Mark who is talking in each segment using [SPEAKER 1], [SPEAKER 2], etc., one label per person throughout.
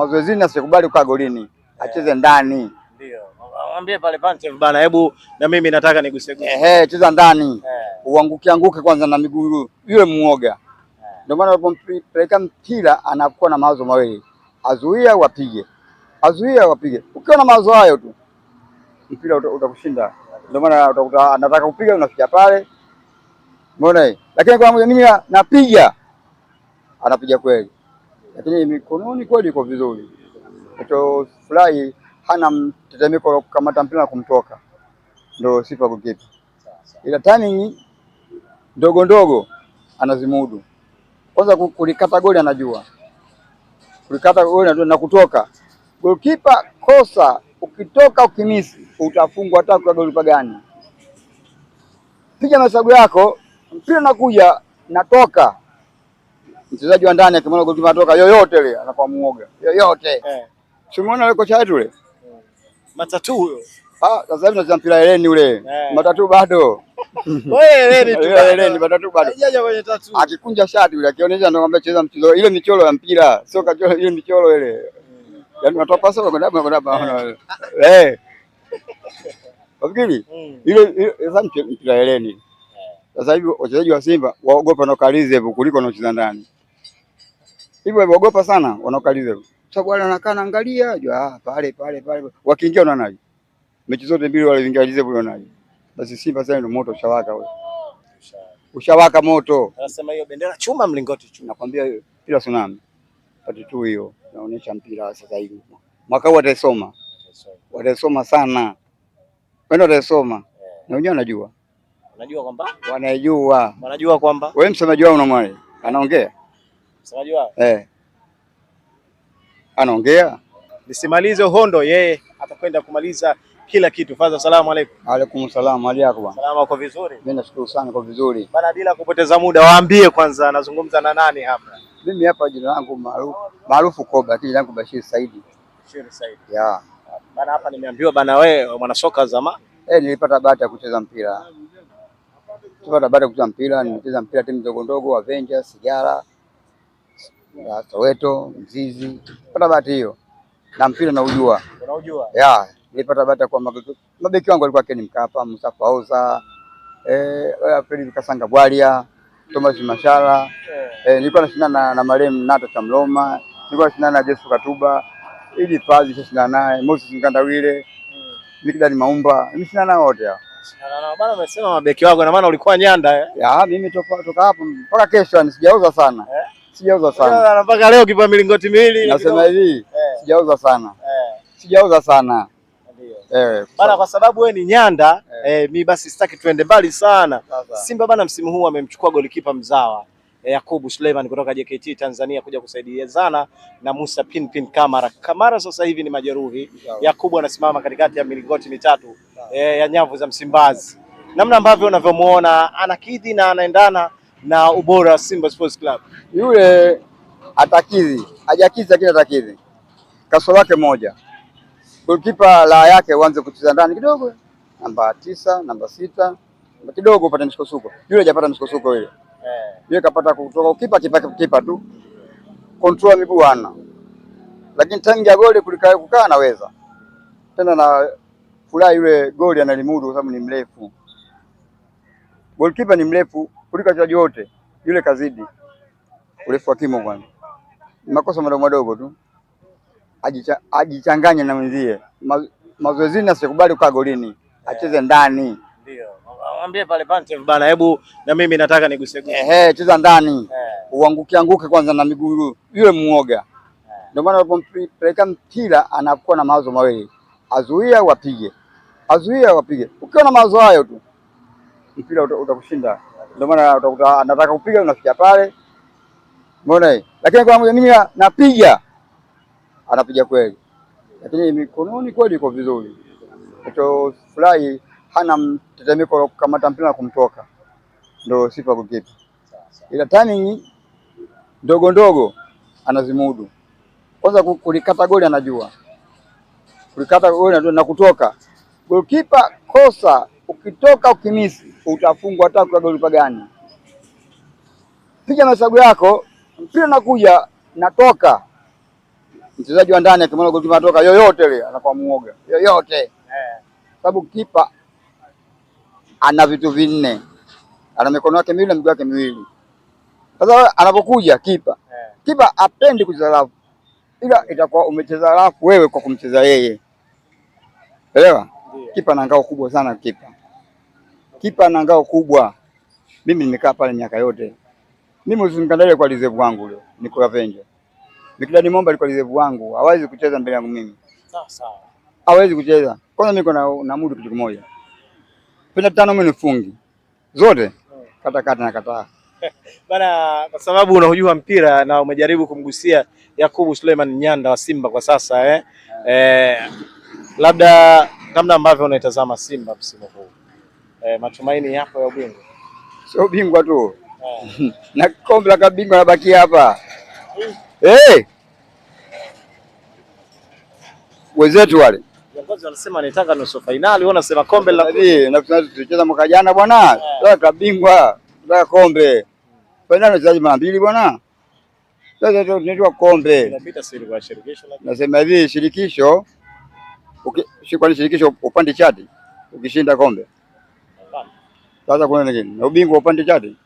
[SPEAKER 1] mazoezini, asikubali kwa golini yeah. Acheze ndani
[SPEAKER 2] ndio mwambie pale bana, hebu na mimi nataka niguseguse.
[SPEAKER 1] Ehe, cheza ndani yeah. Uanguke anguke kwanza na miguu yule muoga yeah. Ndio maana unapompeleka mpira anakuwa na mawazo mawili, azuia wapige, azuia wapige. Ukiwa na mawazo hayo tu
[SPEAKER 2] mpira utakushinda.
[SPEAKER 1] Ndio maana utakuta anataka kupiga unafikia pale, mbona? Lakini kwa mimi napiga, anapiga kweli lakini mikononi kweli iko vizuri. Nachofurahi hana mtetemeko wa kukamata mpira na kumtoka, ndio sifa goalkeeper, ila timing ndogo ndogo anazimudu. Kwanza kulikata goli anajua kulikata goli na kutoka. Goalkeeper kosa, ukitoka ukimisi utafungwa hata kwa goli gani. Piga mahesabu yako, mpira nakuja natoka mchezaji wa ndani akimwona golikipa anatoka yoyote ile anakuwa muoga yoyote eh. Simuona yule kocha wetu yule eh.
[SPEAKER 2] Matatu huyo
[SPEAKER 1] ah, sasa hivi tunacheza mpira eleni ule eh. Matatu bado
[SPEAKER 2] wewe eleni tu Wewe
[SPEAKER 1] eleni matatu bado hajaja kwenye tatu, akikunja shati ule akionyesha, ndio kwambia cheza mchezo ile michoro ya mpira, sio kachoro ile michoro ile, hmm. yaani unatoa pasi kwa ndaba kwa ndaba eh Wafikiri eh. hmm. ile sasa mpira eleni eh. sasa hivi wachezaji wa Simba waogopa na Karize kuliko wanaocheza ndani hivyo waogopa sana wanaokaliza, sababu wale wanakaa naangalia jua ah, pale pale pale, wakiingia unaonaje? Mechi zote mbili wale alize bure, unaonaje? Basi Simba sasa ndio moto ushawaka wewe, ushawaka moto.
[SPEAKER 2] Anasema hiyo bendera chuma, mlingoti chuma,
[SPEAKER 1] nakwambia hiyo bila tsunami pati tu hiyo, naonyesha mpira sasa hivi. Mwaka huu wataisoma, watasoma sana, wenda wataisoma eh. na wenyewe wanajua, wanajua kwamba, wanajua,
[SPEAKER 2] wanajua kwamba wewe
[SPEAKER 1] msemaji wao unamwaje anaongea eh, anaongea
[SPEAKER 2] nisimalize hondo, yeye atakwenda kumaliza kila kitu. Fadha, salamu alaykum.
[SPEAKER 1] Alaykum salamu, hali yako bwana?
[SPEAKER 2] Salama, kwa vizuri.
[SPEAKER 1] Mimi nashukuru sana kwa vizuri
[SPEAKER 2] bana. Bila kupoteza muda, waambie kwanza anazungumza na nani hapa?
[SPEAKER 1] Mimi hapa jina langu maarufu maarufu Koba, lakini jina langu Bashir Saidi. Bashir Saidi. Yeah.
[SPEAKER 2] Bana hapa nimeambiwa bana, wewe mwanasoka zama
[SPEAKER 1] Eh, nilipata bahati ya kucheza mpira. Nilipata bahati ya kucheza mpira, nimecheza mpira timu ndogo ndogo, Avengers, Sigara ya Soweto, Mzizi, pata bahati hiyo na mpira naujua, unaujua ya nilipata bahati kwa mabeki wangu walikuwa Ken Mkapa, Musa Fauza, eh, eh Fred Kasanga Bwalia, Thomas Mashala, eh. eh nilikuwa nashindana na, na marehemu Nato cha Mloma, nilikuwa nashindana na Jesu Katuba, ili Pazi nashindana naye Moses Mkandawile, Mikidani hmm. Maumba, nishindana nao wote hao.
[SPEAKER 2] Bana, umesema mabeki wako, na maana ulikuwa Nyanda eh?
[SPEAKER 1] Ya mimi toka toka hapo mpaka kesho nisijauza sana eh? sijauza sana
[SPEAKER 2] mpaka leo, kipa milingoti miwili.
[SPEAKER 1] Nasema hivi sijauza eh. sana, sijauza sana
[SPEAKER 2] Eh, eh bana kwa sababu wewe ni nyanda eh. Eh, mi basi sitaki tuende mbali sana Sasa. Simba bana msimu huu amemchukua golikipa mzawa eh, Yakubu Suleiman kutoka JKT Tanzania kuja kusaidiazana na Musa Pinpin Kamara. Kamara sasa hivi ni majeruhi Yakubu anasimama katikati ya milingoti mitatu e, ya nyavu za Msimbazi, namna ambavyo unavyomuona anakidhi na anaendana na ubora Simba Sports Club.
[SPEAKER 1] Yule atakidhi, hajakidhi lakini atakidhi. Kasoro yake moja, golikipa la yake uanze kucheza ndani kidogo, namba tisa, namba sita kidogo upate msukosuko. Yule hajapata msukosuko ile Eh. Yule kapata kutoka kipa kipa kipa tu. Control miguu ana. Lakini tangi ya goli kulikaa kukaa anaweza. Tena na furaha yule goli analimudu kwa sababu ni mrefu. Goalkeeper ni mrefu, kuliko wachezaji wote, yule kazidi urefu wa kimo. Kwanza makosa madogo madogo tu, ajichanganye na mwenzie mazoezini, asikubali kukaa golini, acheze ndani
[SPEAKER 2] Ambie pale pante bana, hebu na mimi nataka niguseguse.
[SPEAKER 1] Ehe, cheza ndani uanguke anguke kwanza na miguu yule muoga. Ndio maana unapompeleka mpira anakuwa na mawazo mawili, azuia wapige, azuia wapige. Ukiwa na mawazo hayo tu
[SPEAKER 2] mpira utakushinda
[SPEAKER 1] ndio maana utakuta anataka kupiga unafikia pale, umeona. Lakini kwa mimi napiga, anapiga kweli, lakini mikononi kweli iko vizuri. Acho fly hana mtetemeko kukamata mpira na kumtoka, ndio sifa goalkeeper, ila turning ndogo ndogo anazimudu. Kwanza kulikata goli anajua, kulikata goli na kutoka. Goalkeeper kosa ukitoka ukimisi utafungwa hata kwa goli gani. Piga mahesabu yako, mpira nakuja natoka, mchezaji wa ndani akimwona goli natoka, yoyote ile anakuwa muoga yoyote yeah. Sababu kipa ana vitu vinne, ana mikono yake miwili na miguu yake miwili. Sasa anapokuja kipa yeah. Kipa apendi kucheza rafu, ila itakuwa umecheza rafu wewe kwa kumcheza yeye, elewa yeah. Kipa na ngao kubwa sana kipa kipa na ngao kubwa. Mimi nimekaa pale miaka yote. Mimi usimkandale kwa reserve wangu leo. Niko Avenger. ni Momba alikuwa reserve wangu, hawezi kucheza mbele yangu mimi. Sawa sawa. Hawezi kucheza. Kwanza niko na na mudu kitu kimoja. Penda tano mimi nifungi. Zote eh. kata kata na kata.
[SPEAKER 2] Bana, kwa sababu unajua mpira na umejaribu kumgusia Yakubu Suleiman Nyanda wa Simba kwa sasa eh? Yeah. Eh, labda namna ambavyo unaitazama Simba msimu huu eh, matumaini yako ya ubingwa?
[SPEAKER 1] Sio ubingwa tu eh, na kombe la kabingwa nabakia hapa eh. Hey! Wenzetu wale
[SPEAKER 2] viongozi wanasema nitaka nusu fainali, wao wanasema kombe la
[SPEAKER 1] na tulicheza mwaka jana bwana, yeah. bingwa tunataka kombe fainali, wachezaji mara mbili bwana, sasa tunaitwa kombe. Nasema hivi shirikisho, kwani shirikisho upande chati ukishinda kombe sasa kuna nini? Na Ubingwa upande chati.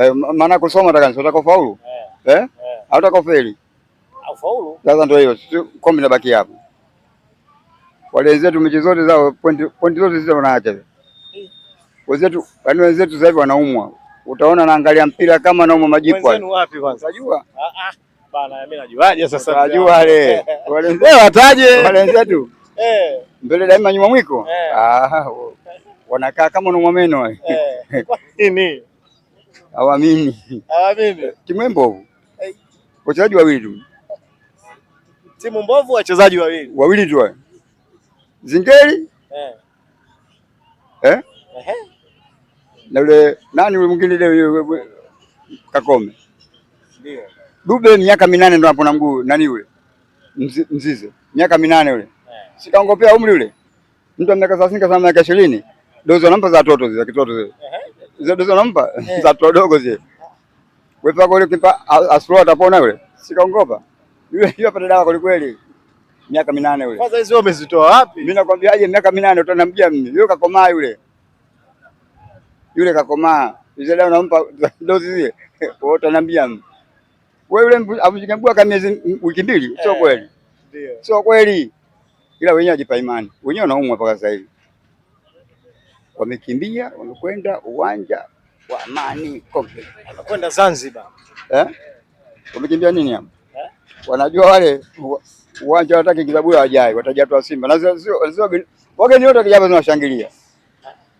[SPEAKER 1] Eh, Maana kusoma taka sio utakaofaulu. Eh? Eh? eh. Au utakaofeli. Au ah, faulu. Sasa ndio hiyo. Kombe inabaki hapo. Wale wenzetu mechi zote zao pointi pointi zote zile wanaacha. Wenzetu, yani wenzetu sasa hivi wanaumwa. Utaona naangalia mpira kama naumwa majipu.
[SPEAKER 2] Wenzenu wapi kwanza?
[SPEAKER 1] Unajua? Ah
[SPEAKER 2] ah. Bana mimi najuaje
[SPEAKER 1] sasa? Najua le. Wale wenzetu. Wale wenzetu. Eh. Mbele daima nyuma mwiko.
[SPEAKER 2] Eh. Ah.
[SPEAKER 1] Oh wanakaa kama unamwameno
[SPEAKER 2] eh, nini?
[SPEAKER 1] Hawamini,
[SPEAKER 2] hawamini
[SPEAKER 1] timu mbovu, eh. wachezaji wawili tu,
[SPEAKER 2] timu mbovu, wachezaji wawili
[SPEAKER 1] wawili tu, Zingeli eh, eh? na yule nani yule mwingine ile Kakome, ndio Dube, miaka minane ndo hapo na mguu nani yule Mzize, miaka minane yule, sikaongopea umri yule mtu miaka thelathini kasema miaka ishirini dozi wanampa za watoto zile za kitoto zile. Zile dozi wanampa za watoto dogo zile. Wewe kwa kipa asfro atapona yule. Sikaongopa. Yule yule apata dawa kwa kweli. Miaka minane yule. Kwanza
[SPEAKER 2] hizo umezitoa wapi?
[SPEAKER 1] Mimi nakwambiaje miaka minane utanambia mimi. Yule kakomaa yule. Yule kakomaa. Hizo dawa nampa dozi zile. Wewe utanambia mimi. Wewe yule amjikambua kama miezi wiki mbili, sio eh, kweli. Ndio. Sio kweli. Ila wenyewe ajipa imani. Wenyewe wanaumwa mpaka sasa hivi wamekimbia wamekwenda uwanja wa Amani Complex,
[SPEAKER 2] wamekwenda Zanzibar
[SPEAKER 1] eh? Wamekimbia nini hapo eh? Wanajua wale uwanja wataki kibabu hawajai wataja tu Simba na sio wageni wote wakija hapa tunashangilia,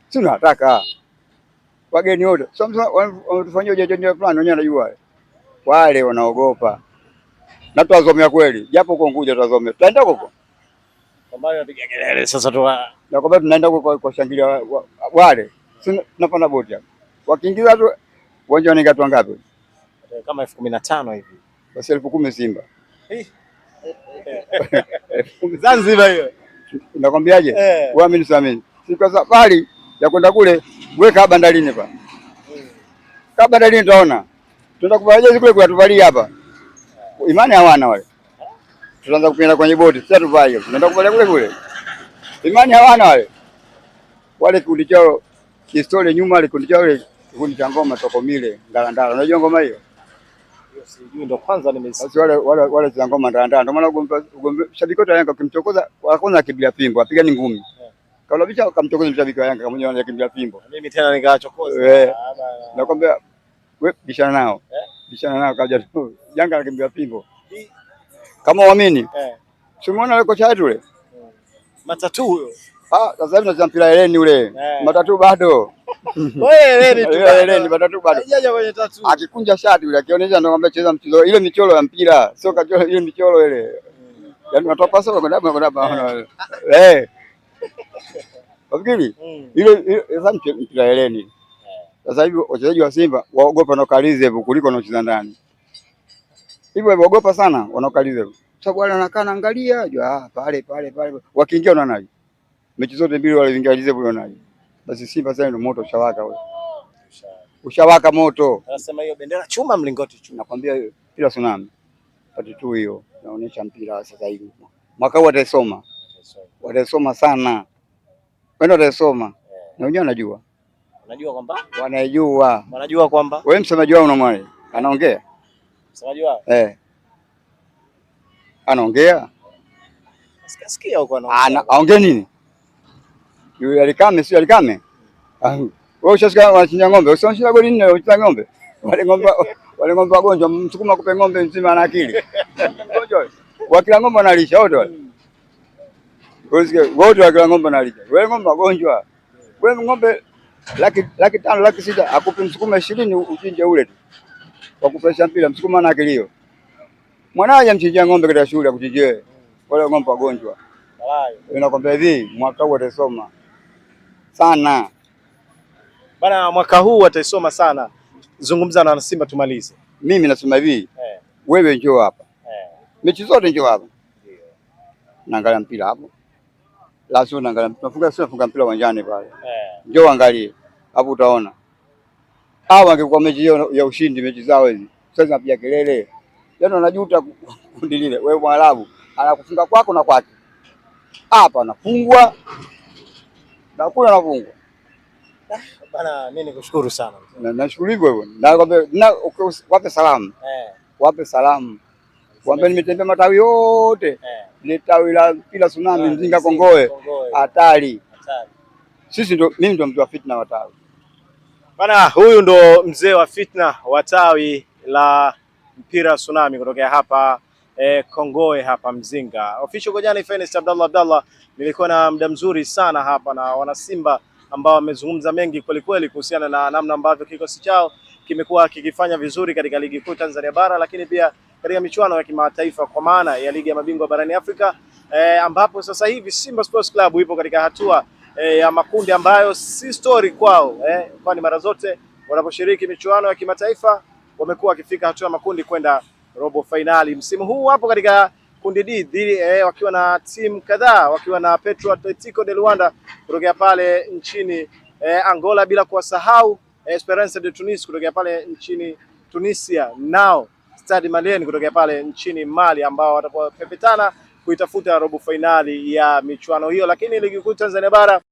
[SPEAKER 1] si tunataka wageni wote so, wametufanyia ujanja fulani, wenyewe wanajua wale wanaogopa, na tuwazomea kweli, japo uko Unguja tuwazomea, tutaenda huko
[SPEAKER 2] kwa kelele sasa tu
[SPEAKER 1] na kwamba tunaenda kuwashangilia wale, tunapanda boti hapo, wakiingiza tu uwanja tu ngapi?
[SPEAKER 2] Eh, kama elfu kumi na tano hivi.
[SPEAKER 1] Basi elfu kumi Simba
[SPEAKER 2] eh. Zanzibar hiyo
[SPEAKER 1] nakwambiaje? Uamini eh. siamini, sika safari ya kwenda kule, weka bandarini pa kaa hmm. bandarini, tutaona tunaenda kuvaa jezi kule, kuatuvalia hapa. Imani hawana wale, tutaanza kupenda kwenye boti, sasa tuvae, tunaenda kuvalia kule kule Imani hawana wale wale, kundi chao kihistoria nyuma, wale kundi chao ile kikundi cha ngoma Tokomile Ndalandala, unajua ngoma hiyo
[SPEAKER 2] Sijui, ndo kwanza nimesikia
[SPEAKER 1] wale wale wale za ngoma Ndalandala. Ndio maana ugombe shabiki wa Yanga ukimchokoza kwanza pingo apiga ni ngumi bicha kamchokoza mshabiki wa Yanga kama mwenyewe anakimbia pingo,
[SPEAKER 2] Mimi tena nikawachokoza,
[SPEAKER 1] eh. ah, nakwambia wewe bishana nao, eh? bishana nao kaja tu Yanga anakimbia pingo kama uamini, eh. simuona yule kocha wetu yule
[SPEAKER 2] matatu huyo.
[SPEAKER 1] Ah, sasa hivi tunacheza mpira eleni ule. Yeah. Matatu bado.
[SPEAKER 2] Wewe eleni tu. Eleni matatu bado. Hajaja kwenye tatu.
[SPEAKER 1] Akikunja shati yule akionyesha ndio kwamba cheza mchezo. Ile michoro ya mpira, sio kachoro ile michoro ile. Yaani unatoka pasa kwenda hapa kwenda hapa. Eh. Wafikiri? Eh. Mm. Ile sasa mpira eleni. Eh. Sasa hivi wachezaji wa Simba waogopa na Kalizevu kuliko wanaocheza ndani. Hivyo waogopa sana wanaokalizevu sababu wale wanakaa naangalia jua ah, pale pale pale, wakiingia unaona nani Mechi zote mbili wale zingalize huyo nani. Basi Simba sasa ndio moto ushawaka wewe, ushawaka moto.
[SPEAKER 2] Anasema hiyo bendera chuma mlingoti chuma,
[SPEAKER 1] nakwambia hiyo bila tsunami pati tu hiyo, naonyesha mpira sasa hivi. Mwaka huu wataisoma, watasoma sana, wenda wataisoma eh. na wenyewe wanajua, wanajua kwamba wanajua,
[SPEAKER 2] wanajua kwamba wewe
[SPEAKER 1] msemaji wao unamwale anaongea msemaji wao eh anaongea sikia huko anaongea, aongee nini? Yule alikame, sio alikame. Mm. Ah, wewe ushasikia wanachinja ng'ombe, usiwanchinja goli nne, uchinja ng'ombe wale ng'ombe wale ng'ombe wagonjwa, msukuma kupe ng'ombe nzima ana akili wakila ng'ombe analisha wote wale mm. wote wakila ng'ombe analisha. Wewe ng'ombe wagonjwa, wewe ng'ombe laki laki tano laki sita akupe msukuma 20 uchinje ule tu, wakupesha mpira msukuma ana akili hiyo Mwanao hajamchinjia ng'ombe katika shughuli ya kuchinjia. Wale ng'ombe wagonjwa. Salai. Nakwambia hivi mwaka huu atasoma sana.
[SPEAKER 2] Bana, mwaka huu ataisoma sana. Zungumza na Wanasimba tumalize.
[SPEAKER 1] Mimi nasema hivi. Eh. Wewe njoo hapa. Eh. Mechi zote njoo hapa. Ndio. Naangalia mpira hapo. Lazima naangalia. Tunafunga sio nafunga mpira uwanjani pale. Eh. Njoo angalie. Hapo utaona. Hawa angekuwa mechi ya ushindi mechi zao hizi. Sasa napiga kelele yani wanajuta kundi lile. Wewe Mwarabu anakufunga kwako na kwake, hapa anafungwa na kule anafungwa.
[SPEAKER 2] Ah, bana, mimi nikushukuru sana.
[SPEAKER 1] Nashukuru hivyo hivyo, wape salamu eh, wape salamu kwambe nimetembea matawi yote eh, ni tawi la kila tsunami ah, Mzinga, Kongoe, hatari. Sisi ndo mimi ndo mtu wa fitna wa tawi
[SPEAKER 2] bana. Huyu ndo mzee wa fitna wa tawi la mpira Tsunami kutokea hapa e, eh, Kongoe hapa Mzinga. Official kwa jana Abdallah Abdallah, nilikuwa na muda mzuri sana hapa na wanasimba ambao wamezungumza mengi kwelikweli kuhusiana na namna ambavyo kikosi chao kimekuwa kikifanya vizuri katika ligi kuu Tanzania bara, lakini pia katika michuano ya kimataifa kwa maana ya ligi ya mabingwa barani Afrika e, ambapo sasa hivi Simba Sports Club ipo katika hatua e, ya makundi ambayo si story kwao eh, kwani mara zote wanaposhiriki michuano ya kimataifa wamekuwa wakifika hatua ya makundi kwenda robo fainali. Msimu huu wapo katika kundi D dhidi eh, wakiwa na timu kadhaa wakiwa na Petro Atletico de Luanda kutokea pale nchini eh, Angola, bila kuwasahau eh, Esperance de Tunis kutokea pale nchini Tunisia, nao Stade Malien kutokea pale nchini Mali ambao watapepetana kuitafuta robo fainali ya michuano hiyo. Lakini ligi kuu Tanzania bara